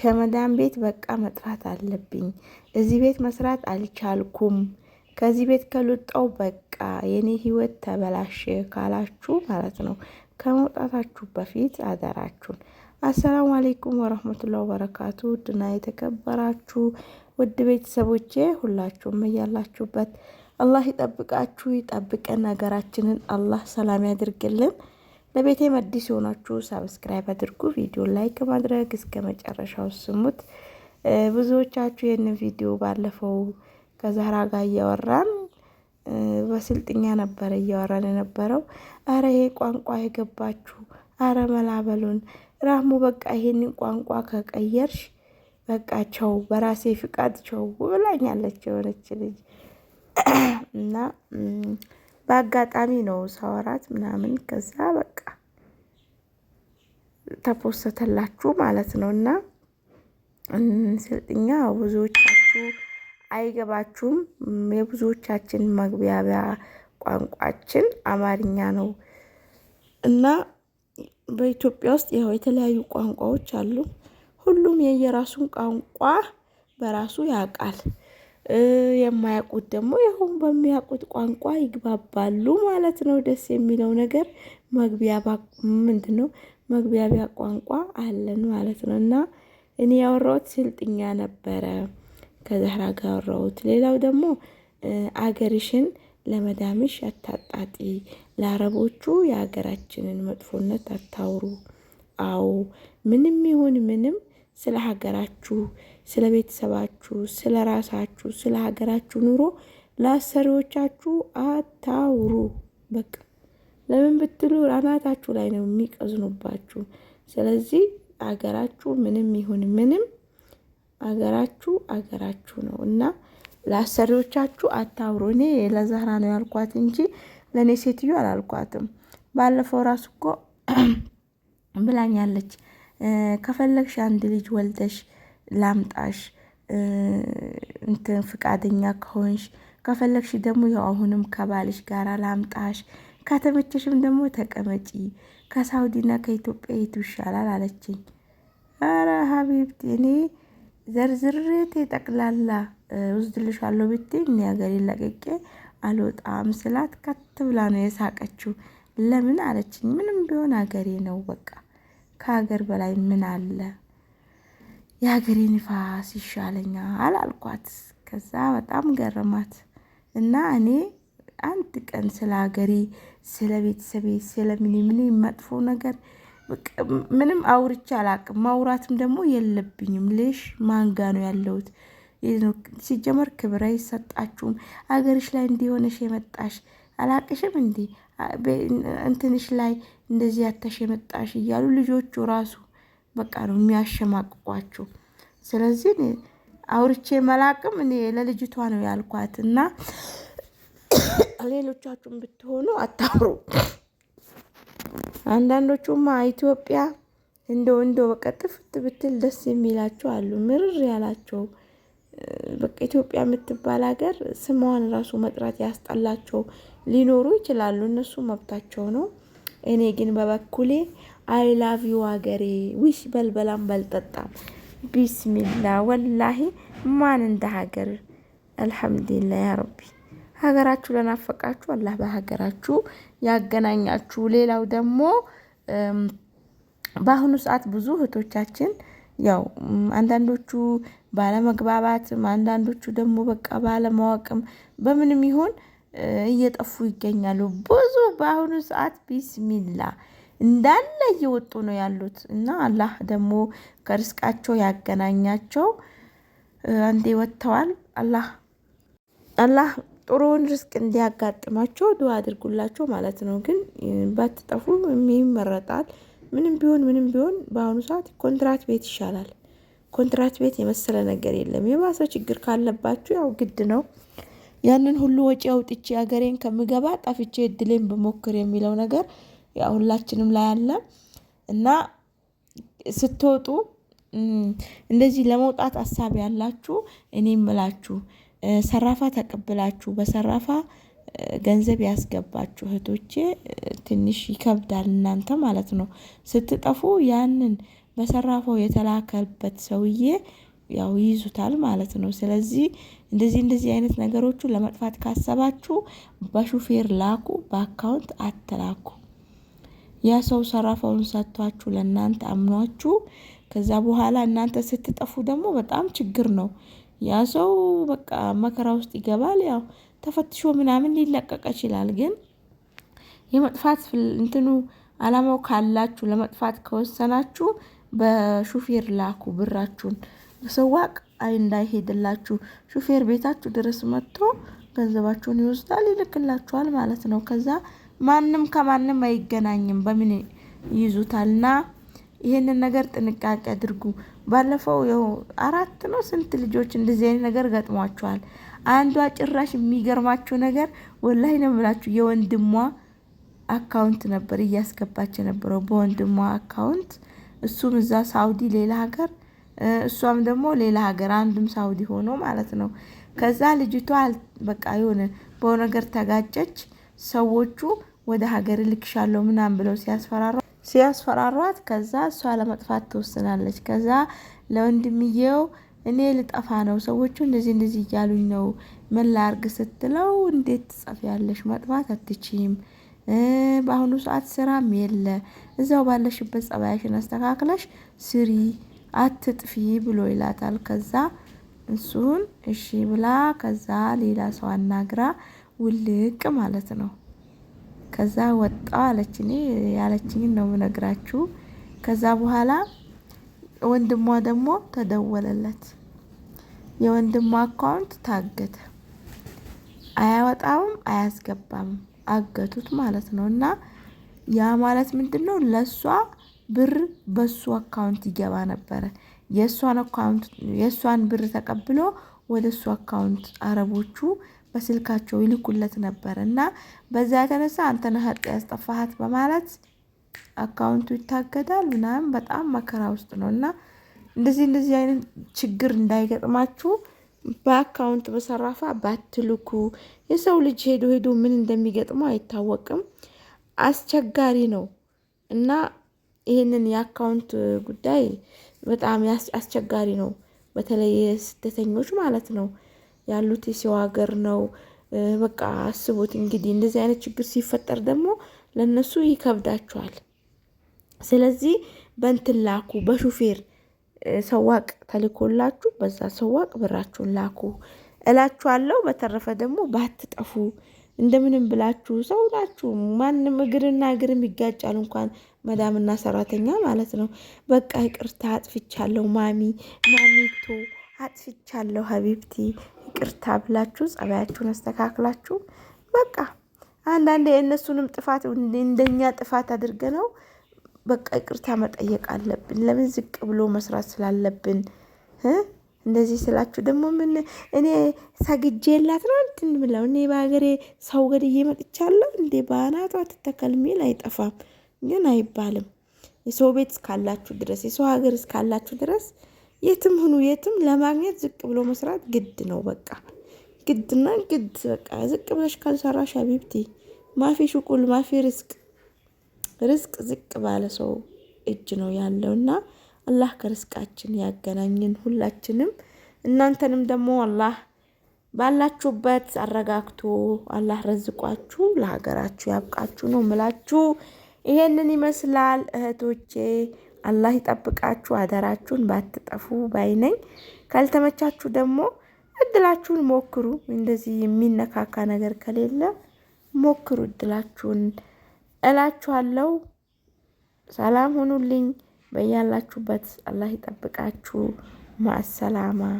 ከመዳም ቤት በቃ መጥራት አለብኝ። እዚህ ቤት መስራት አልቻልኩም። ከዚህ ቤት ከልወጣው በቃ የኔ ህይወት ተበላሸ ካላችሁ ማለት ነው ከመውጣታችሁ በፊት አደራችሁን። አሰላሙ አሌይኩም ወረህመቱላ ወበረካቱ። ውድና የተከበራችሁ ውድ ቤተሰቦቼ ሁላችሁም እያላችሁበት አላህ ይጠብቃችሁ፣ ይጠብቀን። ሀገራችንን አላህ ሰላም ያድርግልን። ለቤቴም አዲስ የሆናችሁ ሳብስክራይብ አድርጉ፣ ቪዲዮ ላይክ ማድረግ እስከ መጨረሻው ስሙት። ብዙዎቻችሁ ይህንን ቪዲዮ ባለፈው ከዛራ ጋር እያወራን በስልጥኛ ነበረ እያወራን የነበረው። አረ ይሄ ቋንቋ የገባችሁ አረ መላበሉን ራሙ በቃ ይሄንን ቋንቋ ከቀየርሽ በቃ ቸው በራሴ ፍቃድ ቸው ብላኛለች የሆነች ልጅ እና በአጋጣሚ ነው ሰወራት ምናምን ከዛ በቃ ተፖሰተላችሁ ማለት ነው። እና ስልጥኛ ብዙዎቻችሁ አይገባችሁም። የብዙዎቻችን መግቢያቢያ ቋንቋችን አማርኛ ነው እና በኢትዮጵያ ውስጥ ያው የተለያዩ ቋንቋዎች አሉ። ሁሉም የየራሱን ቋንቋ በራሱ ያውቃል። የማያውቁት ደግሞ ይኸውም በሚያውቁት ቋንቋ ይግባባሉ ማለት ነው። ደስ የሚለው ነገር መግቢያ ምንድን ነው መግቢያ ቋንቋ አለን ማለት ነው። እና እኔ ያወራሁት ስልጥኛ ነበረ ከዛህራ ጋር ያወራሁት። ሌላው ደግሞ አገርሽን ለመዳምሽ አታጣጢ፣ ለአረቦቹ የሀገራችንን መጥፎነት አታውሩ። አዎ ምንም ይሁን ምንም ስለ ሀገራችሁ፣ ስለ ቤተሰባችሁ፣ ስለ ራሳችሁ፣ ስለ ሀገራችሁ ኑሮ ለአሰሪዎቻችሁ አታውሩ። በቃ ለምን ብትሉ አናታችሁ ላይ ነው የሚቀዝኑባችሁ። ስለዚህ አገራችሁ ምንም ይሁን ምንም አገራችሁ አገራችሁ ነው እና ለአሰሪዎቻችሁ አታውሩ። እኔ ለዛህራ ነው ያልኳት እንጂ ለእኔ ሴትዮ አላልኳትም። ባለፈው ራሱ እኮ ብላኛለች። ከፈለግሽ አንድ ልጅ ወልደሽ ላምጣሽ እንትን ፍቃደኛ ከሆንሽ ከፈለግሽ ደግሞ ያው አሁንም ከባልሽ ጋር ላምጣሽ፣ ከተመቸሽም ደግሞ ተቀመጪ። ከሳውዲና ከኢትዮጵያ የቱ ይሻላል አለችኝ። አረ ሀቢብቲ እኔ ዘርዝርቴ ጠቅላላ ውስድልሻለሁ ብትይ እኔ ሀገሬን ለቅቄ አልወጣም ስላት ከት ብላ ነው የሳቀችው። ለምን አለችኝ። ምንም ቢሆን ሀገሬ ነው በቃ ከሀገር በላይ ምን አለ? የሀገሬ ንፋስ ይሻለኛል አልኳት። ከዛ በጣም ገረማት እና እኔ አንድ ቀን ስለ ሀገሬ፣ ስለ ቤተሰቤ፣ ስለ ምን ምን መጥፎ ነገር ምንም አውርቼ አላቅም። ማውራትም ደግሞ የለብኝም። ልሽ ማንጋ ነው ያለሁት። ሲጀመር ክብረ ይሰጣችሁም አገርሽ ላይ እንዲሆነሽ የመጣሽ አላቅሽም እንዴ እንትንሽ ላይ እንደዚህ ያተሽ የመጣሽ እያሉ ልጆቹ ራሱ በቃ ነው የሚያሸማቅቋቸው። ስለዚህ አውርቼ መላቅም እኔ ለልጅቷ ነው ያልኳት እና ሌሎቻችሁም ብትሆኑ አታውሩ። አንዳንዶቹማ ኢትዮጵያ እንደው እንደው በቃ ጥፍት ብትል ደስ የሚላቸው አሉ። ምርር ያላቸው በቃ ኢትዮጵያ የምትባል ሀገር ስሟን ራሱ መጥራት ያስጠላቸው ሊኖሩ ይችላሉ። እነሱ መብታቸው ነው። እኔ ግን በበኩሌ አይ ላቭ ዩ ሀገሬ ዊሽ በልበላም በልጠጣም ቢስሚላ ወላሂ ማን እንደ ሀገር አልሐምዱሊላ ያ ረቢ። ሀገራችሁ ለናፈቃችሁ አላህ በሀገራችሁ ያገናኛችሁ። ሌላው ደግሞ በአሁኑ ሰዓት ብዙ እህቶቻችን ያው አንዳንዶቹ ባለመግባባትም አንዳንዶቹ ደግሞ በቃ ባለማወቅም በምንም ይሆን እየጠፉ ይገኛሉ። ብዙ በአሁኑ ሰዓት ቢስሚላ እንዳለ እየወጡ ነው ያሉት እና አላህ ደግሞ ከርስቃቸው ያገናኛቸው። አንዴ ወጥተዋል። አላህ አላህ ጥሩውን ርስቅ እንዲያጋጥማቸው ዱዓ አድርጉላቸው ማለት ነው። ግን ባትጠፉ ይመረጣል። ምንም ቢሆን ምንም ቢሆን በአሁኑ ሰዓት ኮንትራት ቤት ይሻላል። ኮንትራት ቤት የመሰለ ነገር የለም። የባሰ ችግር ካለባችሁ ያው ግድ ነው ያንን ሁሉ ወጪ አውጥቼ ሀገሬን ከምገባ ጠፍቼ እድሌን ብሞክር የሚለው ነገር ያው ሁላችንም ላይ አለ እና ስትወጡ እንደዚህ ለመውጣት ሀሳብ ያላችሁ እኔም ምላችሁ ሰራፋ ተቀብላችሁ በሰራፋ ገንዘብ ያስገባችሁ እህቶቼ ትንሽ ይከብዳል፣ እናንተ ማለት ነው። ስትጠፉ ያንን በሰራፈው የተላከበት ሰውዬ ያው ይይዙታል ማለት ነው። ስለዚህ እንደዚህ እንደዚህ አይነት ነገሮቹ ለመጥፋት ካሰባችሁ በሹፌር ላኩ፣ በአካውንት አትላኩ። ያ ሰው ሰራፋውን ሰጥቷችሁ ለእናንተ አምኗችሁ ከዛ በኋላ እናንተ ስትጠፉ ደግሞ በጣም ችግር ነው። ያ ሰው በቃ መከራ ውስጥ ይገባል። ያው ተፈትሾ ምናምን ሊለቀቅ ይችላል። ግን የመጥፋት እንትኑ አላማው ካላችሁ ለመጥፋት ከወሰናችሁ በሹፌር ላኩ ብራችሁን። ሰዋቅ አይ እንዳይሄድላችሁ ሹፌር ቤታችሁ ድረስ መጥቶ ገንዘባችሁን ይወስዳል፣ ይልክላችኋል ማለት ነው። ከዛ ማንም ከማንም አይገናኝም። በምን ይይዙታልና ይሄንን ነገር ጥንቃቄ አድርጉ። ባለፈው አራት ነው ስንት ልጆች እንደዚህ አይነት ነገር ገጥሟቸዋል። አንዷ ጭራሽ የሚገርማችሁ ነገር ወላሂ ነው ብላችሁ የወንድሟ አካውንት ነበር እያስገባች የነበረው በወንድሟ አካውንት እሱም እዛ ሳውዲ ሌላ ሀገር እሷም ደግሞ ሌላ ሀገር አንድም ሳውዲ ሆኖ ማለት ነው። ከዛ ልጅቷ በቃ የሆነ በሆነ ነገር ተጋጨች። ሰዎቹ ወደ ሀገር ልክሻለሁ ምናምን ብለው ሲያስፈራሯ ሲያስፈራሯት ከዛ እሷ ለመጥፋት ትወስናለች። ከዛ ለወንድምየው እኔ ልጠፋ ነው፣ ሰዎቹ እንደዚህ እንደዚህ እያሉኝ ነው፣ ምን ላርግ ስትለው እንዴት ትጸፊያለሽ? መጥፋት አትችም። በአሁኑ ሰዓት ስራም የለ፣ እዛው ባለሽበት ጸባያሽን አስተካክለሽ ስሪ አትጥፊ ብሎ ይላታል። ከዛ እሱን እሺ ብላ ከዛ ሌላ ሰው አናግራ ውልቅ ማለት ነው። ከዛ ወጣው አለችኝ። ያለችኝን ነው ምነግራችሁ። ከዛ በኋላ ወንድሟ ደግሞ ተደወለለት። የወንድሟ አካውንት ታገተ። አያወጣም አያስገባም፣ አገቱት ማለት ነው። እና ያ ማለት ምንድን ነው ለሷ ብር በሱ አካውንት ይገባ ነበረ። የእሷን ብር ተቀብሎ ወደ እሱ አካውንት አረቦቹ በስልካቸው ይልኩለት ነበር እና በዛ የተነሳ አንተ ነህ ያስጠፋሃት በማለት አካውንቱ ይታገዳል ምናምን። በጣም መከራ ውስጥ ነው እና እንደዚህ እንደዚህ አይነት ችግር እንዳይገጥማችሁ በአካውንት በሰራፋ ባትልኩ። የሰው ልጅ ሄዶ ሄዶ ምን እንደሚገጥመው አይታወቅም። አስቸጋሪ ነው እና ይህንን የአካውንት ጉዳይ በጣም አስቸጋሪ ነው። በተለይ ስደተኞች ማለት ነው ያሉት የሰው ሀገር ነው። በቃ አስቡት እንግዲህ እንደዚህ አይነት ችግር ሲፈጠር ደግሞ ለእነሱ ይከብዳቸዋል። ስለዚህ በእንትን ላኩ በሹፌር ሰዋቅ ተልኮላችሁ በዛ ሰዋቅ ብራችሁን ላኩ እላችኋለሁ። በተረፈ ደግሞ ባትጠፉ እንደምንም ብላችሁ ሰው ናችሁ። ማንም እግርና እግርም ይጋጫል፣ እንኳን መዳምና ሰራተኛ ማለት ነው። በቃ ይቅርታ አጥፍቻለሁ፣ ማሚ ማሚቶ አጥፍቻለሁ፣ ሀቢብቲ ይቅርታ ብላችሁ ጸባያችሁን አስተካክላችሁ በቃ አንዳንዴ የእነሱንም ጥፋት እንደኛ ጥፋት አድርገ ነው በቃ ይቅርታ መጠየቅ አለብን። ለምን ዝቅ ብሎ መስራት ስላለብን እንደዚህ ስላችሁ ደግሞ ምን እኔ ሰግጄ የላት ነው እንትን ምለው እኔ በሀገሬ ሰው ገድዬ መጥቻለሁ እንዴ በአናቷ ትተከል ሚል አይጠፋም፣ ግን አይባልም። የሰው ቤት እስካላችሁ ድረስ የሰው ሀገር እስካላችሁ ድረስ የትም ሁኑ የትም ለማግኘት ዝቅ ብሎ መስራት ግድ ነው። በቃ ግድና ግድ በቃ ዝቅ ብለሽ ካልሰራሽ ሀቢብቲ ማፊ ሽቁል ማፊ ርስቅ ርስቅ ዝቅ ባለ ሰው እጅ ነው ያለውና አላህ ከርስቃችን ያገናኝን ሁላችንም። እናንተንም ደግሞ አላህ ባላችሁበት አረጋግቶ አላህ ረዝቋችሁ ለሀገራችሁ ያብቃችሁ ነው ምላችሁ። ይሄንን ይመስላል እህቶቼ። አላህ ይጠብቃችሁ። አደራችሁን ባትጠፉ ባይነኝ። ካልተመቻችሁ ደግሞ እድላችሁን ሞክሩ። እንደዚህ የሚነካካ ነገር ከሌለ ሞክሩ እድላችሁን እላችኋለሁ። ሰላም ሁኑልኝ። በያላችሁበት አላህ ይጠብቃችሁ። ማሰላማ